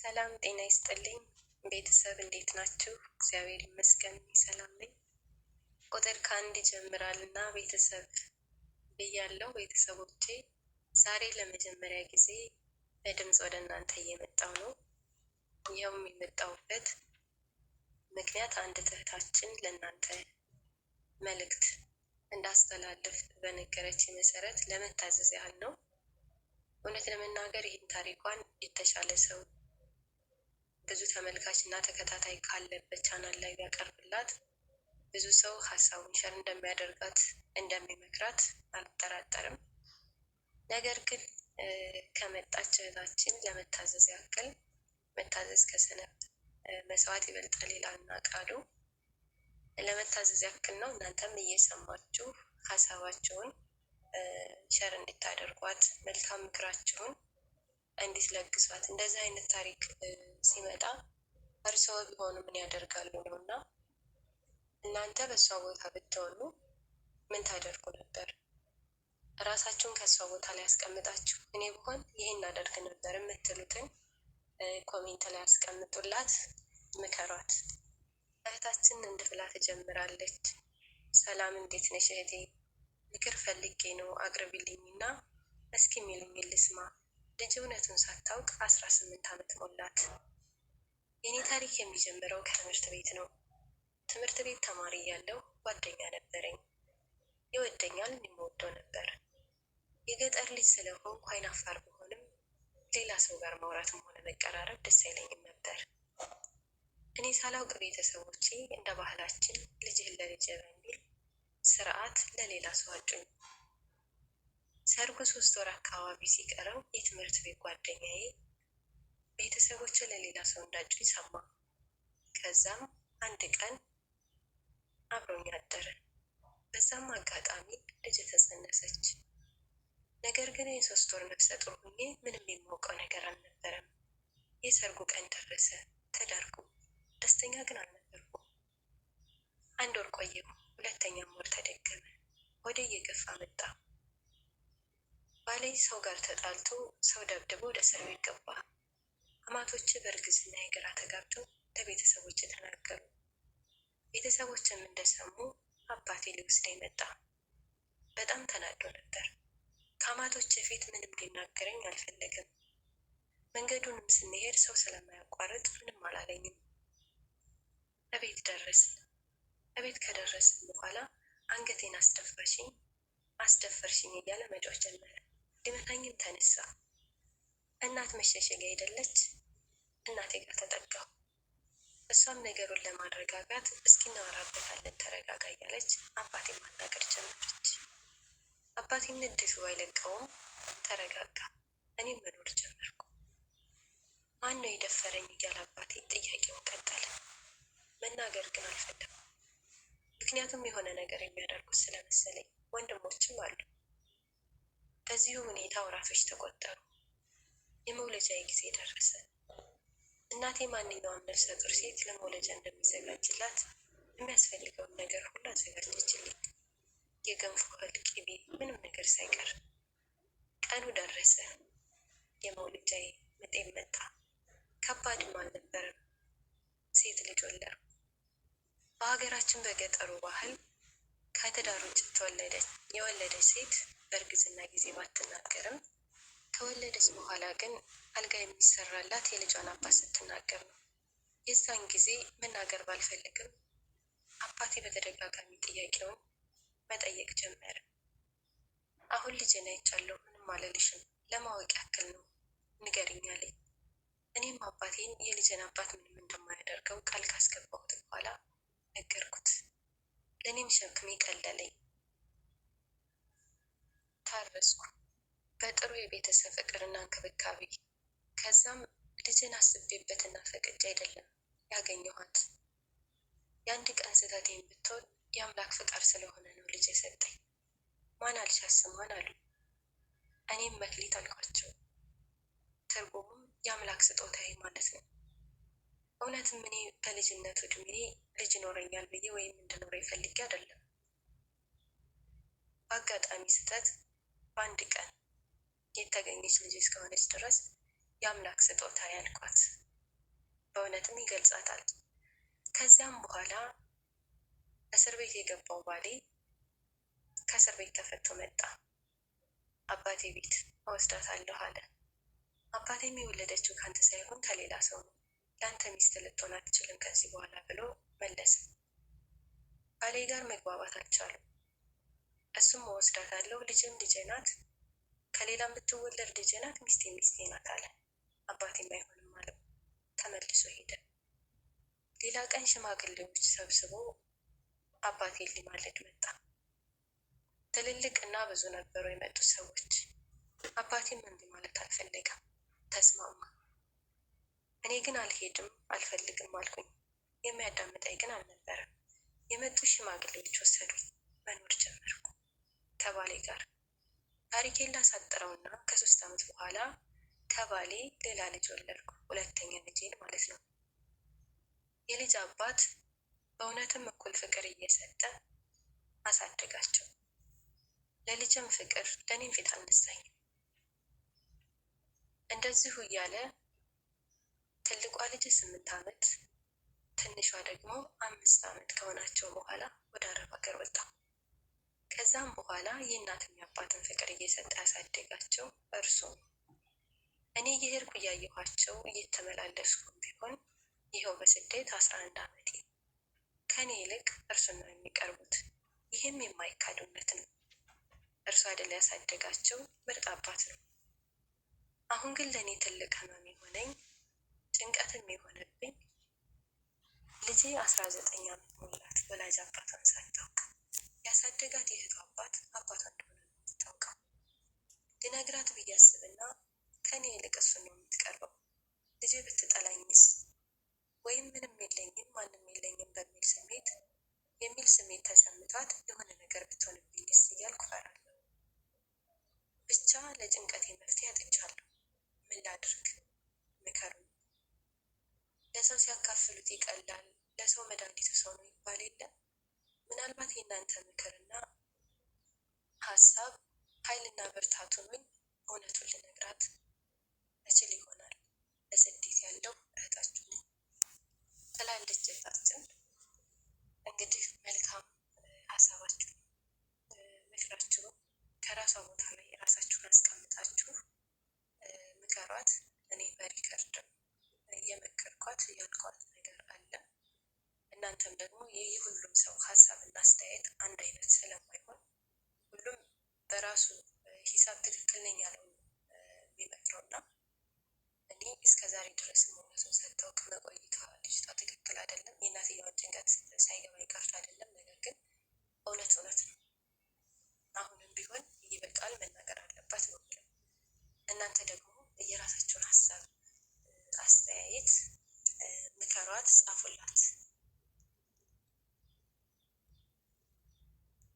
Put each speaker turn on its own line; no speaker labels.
ሰላም ጤና ይስጥልኝ ቤተሰብ እንዴት ናችሁ? እግዚአብሔር ይመስገን ሰላም ነኝ። ቁጥር ከአንድ ይጀምራል እና ቤተሰብ ብያለው። ቤተሰቦቼ ዛሬ ለመጀመሪያ ጊዜ በድምፅ ወደ እናንተ እየመጣው ነው። ይኸውም የመጣውበት ምክንያት አንድ እህታችን ለእናንተ መልእክት እንዳስተላልፍ በነገረች መሰረት ለመታዘዝ ያህል ነው። እውነት ለመናገር ይህን ታሪኳን የተሻለ ሰው ብዙ ተመልካች እና ተከታታይ ካለበት ቻናል ላይ ቢያቀርብላት ብዙ ሰው ሀሳቡን ሸር እንደሚያደርጋት እንደሚመክራት አልጠራጠርም። ነገር ግን ከመጣች እህታችን ለመታዘዝ ያክል መታዘዝ ከሰነፍ መስዋዕት ይበልጣል ይላልና ቃሉ ለመታዘዝ ያክል ነው። እናንተም እየሰማችሁ ሀሳባችሁን ሸር እንድታደርጓት መልካም ምክራችሁን እንዲትለግሷት እንደዚህ አይነት ታሪክ ሲመጣ እርስዎ ቢሆኑ ምን ያደርጋሉ ነው እና እናንተ በእሷ ቦታ ብትሆኑ ምን ታደርጉ ነበር? እራሳችሁን ከእሷ ቦታ ላይ ያስቀምጣችሁ እኔ ብሆን ይህን አደርግ ነበር የምትሉትን ኮሜንት ላይ ያስቀምጡላት፣ ምከሯት። እህታችን እንዲህ ብላ ትጀምራለች። ሰላም እንዴት ነሽ እህቴ? ምክር ፈልጌ ነው አቅርቢልኝና እስኪ የሚሉኝ ልስማ ልጅ እውነቱን ሳታውቅ አስራ ስምንት ዓመት ሞላት። የኔ ታሪክ የሚጀምረው ከትምህርት ቤት ነው። ትምህርት ቤት ተማሪ ያለው ጓደኛ ነበረኝ። ይወደኛል፣ የሚወደው ነበር። የገጠር ልጅ ስለሆንኩ አፋር ብሆንም ሌላ ሰው ጋር ማውራትም ሆነ መቀራረብ ደስ አይለኝም ነበር። እኔ ሳላውቅ ቤተሰቦቼ እንደ ባህላችን ልጅህን ለልጅ በሚል ስርዓት ለሌላ ሰው አጩኝ ሰርጉ ሶስት ወር አካባቢ ሲቀረው የትምህርት ቤት ጓደኛዬ ቤተሰቦች ለሌላ ሰው እንዳጩ ይሰማ። ከዛም አንድ ቀን አብሮኝ አደረ። በዛም አጋጣሚ ልጅ ተጸነሰች። ነገር ግን የሶስት ወር ነፍሰ ጡር ሆኜ ምንም የማውቀው ነገር አልነበረም። የሰርጉ ቀን ደረሰ። ተዳርኩ። ደስተኛ ግን አልነበርኩ። አንድ ወር ቆየሁ። ሁለተኛም ወር ተደገመ። ወደ እየገፋ መጣ። ባሌ ሰው ጋር ተጣልቶ ሰው ደብድቦ ወደ እስር ቤት ገባ። አማቶች በእርግዝና የግራ ተጋብተው ለቤተሰቦች ተናገሩ። ቤተሰቦችም እንደሰሙ አባቴ ሊወስደኝ መጣ። በጣም ተናዶ ነበር። ከአማቶች ፊት ምንም ሊናገረኝ አልፈለግም። መንገዱንም ስንሄድ ሰው ስለማያቋርጥ ምንም አላለኝም። እቤት ደረስን። እቤት ከደረስን በኋላ አንገቴን አስደፈርሽኝ አስደፈርሽኝ እያለ መጮህ ጀመረ። ሊመታኝም ተነሳ። እናት መሸሸጊያ አይደለች። እናቴ ጋር ተጠጋሁ። እሷም ነገሩን ለማረጋጋት እስኪ እናወራበታለን ተረጋጋ እያለች አባቴ ማናገር ጀመረች። አባቴ ንዴቱ ባይለቀውም ተረጋጋ። እኔም መኖር ጀመርኩ። ማን ነው የደፈረኝ እያለ አባቴ ጥያቄውን ቀጠለ። መናገር ግን አልፈለኩም። ምክንያቱም የሆነ ነገር የሚያደርጉት ስለመሰለኝ። ወንድሞችም አሉ በዚሁ ሁኔታ ወራቶች ተቆጠሩ። የመውለጃዬ ጊዜ ደረሰ። እናቴ ማንኛውም ነፍሰ ጡር ሴት ለመውለጃ እንደሚዘጋጅላት የሚያስፈልገውን ነገር ሁሉ አዘጋጀችልኝ። የገንፎ እህል፣ ቅቤ፣ ምንም ነገር ሳይቀር ቀኑ ደረሰ። የመውለጃዬ ምጤም መጣ። ከባድም አልነበረም። ሴት ልጅ ወለድኩ። በሀገራችን በገጠሩ ባህል ከትዳር ውጭ የወለደች ሴት በእርግዝና ጊዜ ባትናገርም ከወለደች በኋላ ግን አልጋ የሚሰራላት የልጇን አባት ስትናገር ነው። የዛን ጊዜ መናገር ባልፈልግም አባቴ በተደጋጋሚ ጥያቄውን መጠየቅ ጀመረ። አሁን ልጄን አይቻለሁ፣ ምንም አልልሽም፣ ለማወቅ ያክል ነው ንገሪኝ አለኝ። እኔም አባቴን የልጄን አባት ምንም እንደማያደርገው ቃል ካስገባሁት በኋላ ነገርኩት። ለእኔም ሸክሜ ቀለለኝ። ታረስኩ በጥሩ የቤተሰብ ፍቅርና እንክብካቤ። ከዛም ልጅን አስቤበትና ፈቅጄ አይደለም ያገኘኋት። የአንድ ቀን ስህተቴን ብትሆን የአምላክ ፍቃድ ስለሆነ ነው ልጅ የሰጠኝ። ማን አልሻስማን አሉ። እኔም መክሊት አልኳቸው። ትርጉሙም የአምላክ ስጦታዬ ማለት ነው። እውነትም እኔ በልጅነቱ እድሜ ልጅ ይኖረኛል ብዬ ወይም እንድኖረ ይፈልጌ አይደለም። በአጋጣሚ ስህተት በአንድ ቀን የተገኘች ልጅ እስከሆነች ድረስ የአምላክ ስጦታ ያልኳት በእውነትም ይገልጻታል። ከዚያም በኋላ እስር ቤት የገባው ባሌ ከእስር ቤት ተፈቶ መጣ። አባቴ ቤት እወስዳታለሁ አለ። አባቴም የወለደችው ከአንተ ሳይሆን ከሌላ ሰው ነው፣ ለአንተ ሚስት ልትሆን አትችልም ከዚህ በኋላ ብሎ መለሰ። ባሌ ጋር መግባባት አልቻሉም። እሱም እወስዳታለሁ፣ ልጅም ልጄ ናት፣ ከሌላ የምትወለድ ልጄ ናት፣ ሚስቴ ሚስቴ ናት አለ። አባቴም አይሆንም አለው። ተመልሶ ሄደ። ሌላ ቀን ሽማግሌዎች ሰብስቦ አባቴን ሊማለድ መጣ። ትልልቅ እና ብዙ ነበሩ የመጡት ሰዎች። አባቴም እምቢ ማለት አልፈለገም፣ ተስማማ። እኔ ግን አልሄድም አልፈልግም አልኩኝ። የሚያዳምጠኝ ግን አልነበረም። የመጡ ሽማግሌዎች ወሰዱኝ፣ መኖር ጀመሩ። ከባሌ ጋር ታሪኬን ላሳጥረውና ከሶስት ዓመት በኋላ ከባሌ ሌላ ልጅ ወለድኩ። ሁለተኛ ልጄን ማለት ነው። የልጅ አባት በእውነትም እኩል ፍቅር እየሰጠ አሳደጋቸው። ለልጅም ፍቅር ለእኔም ፊት አነሳኝ። እንደዚሁ እያለ ትልቋ ልጅ ስምንት ዓመት ትንሿ ደግሞ አምስት ዓመት ከሆናቸው በኋላ ወደ አረብ ሀገር ወጣ። ከዛም በኋላ የእናትና አባትን ፍቅር እየሰጠ ያሳደጋቸው እርሱ ነው። እኔ የሄድኩ እያየኋቸው እየተመላለስኩም ቢሆን ይኸው በስደት አስራ አንድ ዓመቴ ከእኔ ይልቅ እርሱን ነው የሚቀርቡት። ይህም የማይካዱነት ነው። እርሱ አደላ ያሳደጋቸው ምርጥ አባት ነው። አሁን ግን ለእኔ ትልቅ ህመም የሆነኝ ጭንቀትም የሆነብኝ ልጄ አስራ ዘጠኝ ዓመት ሞላት ወላጅ አባቷን ሳታውቅ ያሳደጋት የእህቱ አባት አባቷ እንደሆነ ታውቀው ልነግራት ብዬ አስብና ከኔ ይልቅ እሱን ነው የምትቀርበው። ልጄ ብትጠላኝስ ወይም ምንም የለኝም ማንም የለኝም በሚል ስሜት የሚል ስሜት ተሰምቷት የሆነ ነገር ብትሆንብኝስ እያልኩ ፈራለሁ። ብቻ ለጭንቀቴ መፍትሄ አጥቻለሁ። ምን ላድርግ? ምከሩኝ። ለሰው ሲያካፍሉት ይቀላል፣ ለሰው መድኃኒቱ ሰው ነው ይባል የለም። ምናልባት የእናንተ ምክርና ሀሳብ ኃይልና ብርታቱ ምን እውነቱን ልነግራት እችል ይሆናል። በስደት ያለው እህታችሁ ነኝ ትላለች እህታችን። እንግዲህ መልካም ሀሳባችሁ ምክራችሁ ከራሷ ቦታ ላይ የራሳችሁን አስቀምጣችሁ ምከሯት። እኔ በሪከርድም የመከርኳት ያልኳት ነገር አለ። እናንተም ደግሞ የሁሉም ሰው ራሱ ሂሳብ ትክክል ነኝ ያለው የሚመክረው እና እኔ እስከ ዛሬ ድረስ እውነቱን ሰጥተው ከመቆይቷ ልጅቷ ትክክል አይደለም። የእናትየዋን ጭንቀት ሳይገባ ቀርቶ አይደለም። ነገር ግን እውነት እውነት ነው። አሁንም ቢሆን ይበቃል መናገር አለባት ነው የሚለው። እናንተ ደግሞ የራሳቸውን ሀሳብ አስተያየት ምከሯት፣ ጻፉላት።